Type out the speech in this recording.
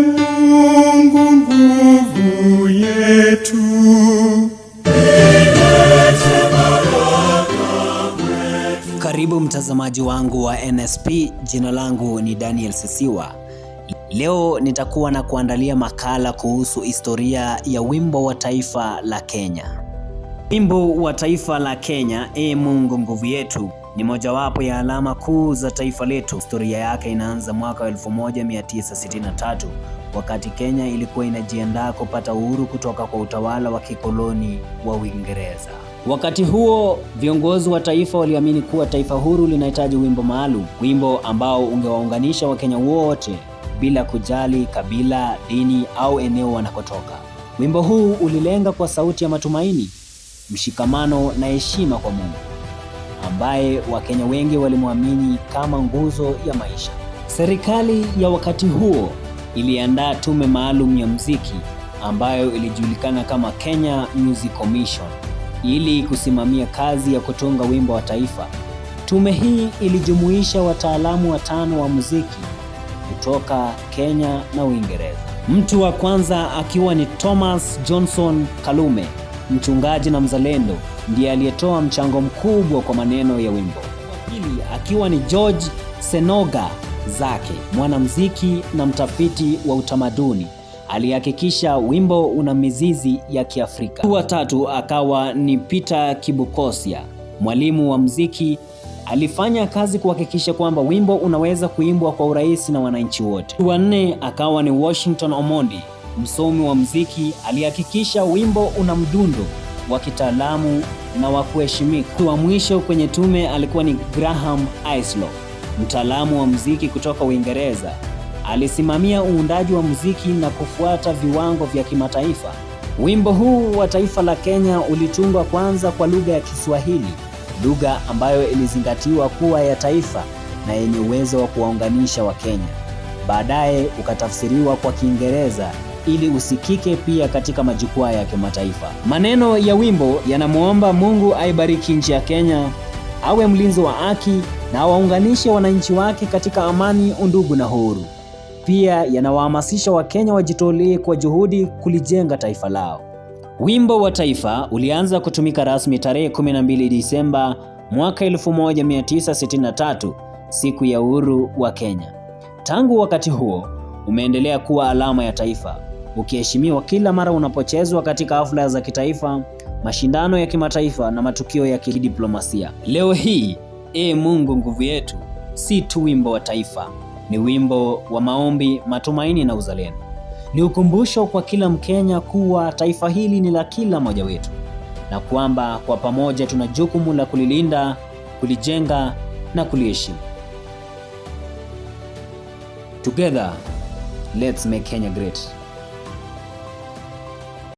Mungu nguvu yetu. Karibu mtazamaji wangu wa NSP, jina langu ni Daniel Sisiwa. Leo nitakuwa na kuandalia makala kuhusu historia ya wimbo wa taifa la Kenya. Wimbo wa taifa la Kenya, E Mungu nguvu yetu ni mojawapo ya alama kuu za taifa letu. Historia yake inaanza mwaka wa 1963 wakati Kenya ilikuwa inajiandaa kupata uhuru kutoka kwa utawala wa kikoloni wa Uingereza. Wakati huo viongozi wa taifa waliamini kuwa taifa huru linahitaji wimbo maalum, wimbo ambao ungewaunganisha Wakenya wote bila kujali kabila, dini au eneo wanakotoka. Wimbo huu ulilenga kwa sauti ya matumaini, mshikamano na heshima kwa Mungu ambaye Wakenya wengi walimwamini kama nguzo ya maisha. Serikali ya wakati huo iliandaa tume maalum ya muziki ambayo ilijulikana kama Kenya Music Commission ili kusimamia kazi ya kutunga wimbo wa taifa. Tume hii ilijumuisha wataalamu watano wa muziki kutoka Kenya na Uingereza. Mtu wa kwanza akiwa ni Thomas Johnson Kalume, mchungaji na mzalendo ndiye aliyetoa mchango mkubwa kwa maneno ya wimbo wa pili, akiwa ni George Senoga Zake, mwanamuziki na mtafiti wa utamaduni alihakikisha wimbo una mizizi ya Kiafrika. Wa tatu akawa ni Peter Kibukosia, mwalimu wa muziki, alifanya kazi kuhakikisha kwamba wimbo unaweza kuimbwa kwa urahisi na wananchi wote. Wa nne akawa ni Washington Omondi, msomi wa muziki, alihakikisha wimbo una mdundo wa kitaalamu na wa kuheshimika. Wa mwisho kwenye tume alikuwa ni Graham Islow, mtaalamu wa muziki kutoka Uingereza. Alisimamia uundaji wa muziki na kufuata viwango vya kimataifa. Wimbo huu wa taifa la Kenya ulitungwa kwanza kwa lugha ya Kiswahili, lugha ambayo ilizingatiwa kuwa ya taifa na yenye uwezo wa kuwaunganisha Wakenya. Baadaye ukatafsiriwa kwa Kiingereza ili usikike pia katika majukwaa ya kimataifa. Maneno ya wimbo yanamwomba Mungu aibariki nchi ya Kenya, awe mlinzi wa haki na awaunganishe wananchi wake katika amani, undugu na uhuru. Pia yanawahamasisha Wakenya wajitolee kwa juhudi kulijenga taifa lao. Wimbo wa Taifa ulianza kutumika rasmi tarehe 12 Disemba mwaka 1963, siku ya uhuru wa Kenya. Tangu wakati huo umeendelea kuwa alama ya taifa ukiheshimiwa kila mara unapochezwa katika hafla za kitaifa, mashindano ya kimataifa na matukio ya kidiplomasia. Leo hii, Ee Mungu nguvu yetu, si tu wimbo wa taifa, ni wimbo wa maombi, matumaini na uzalendo. Ni ukumbusho kwa kila Mkenya kuwa taifa hili ni la kila mmoja wetu na kwamba kwa pamoja tuna jukumu la kulilinda, kulijenga na kuliheshimu. Together, let's make Kenya great.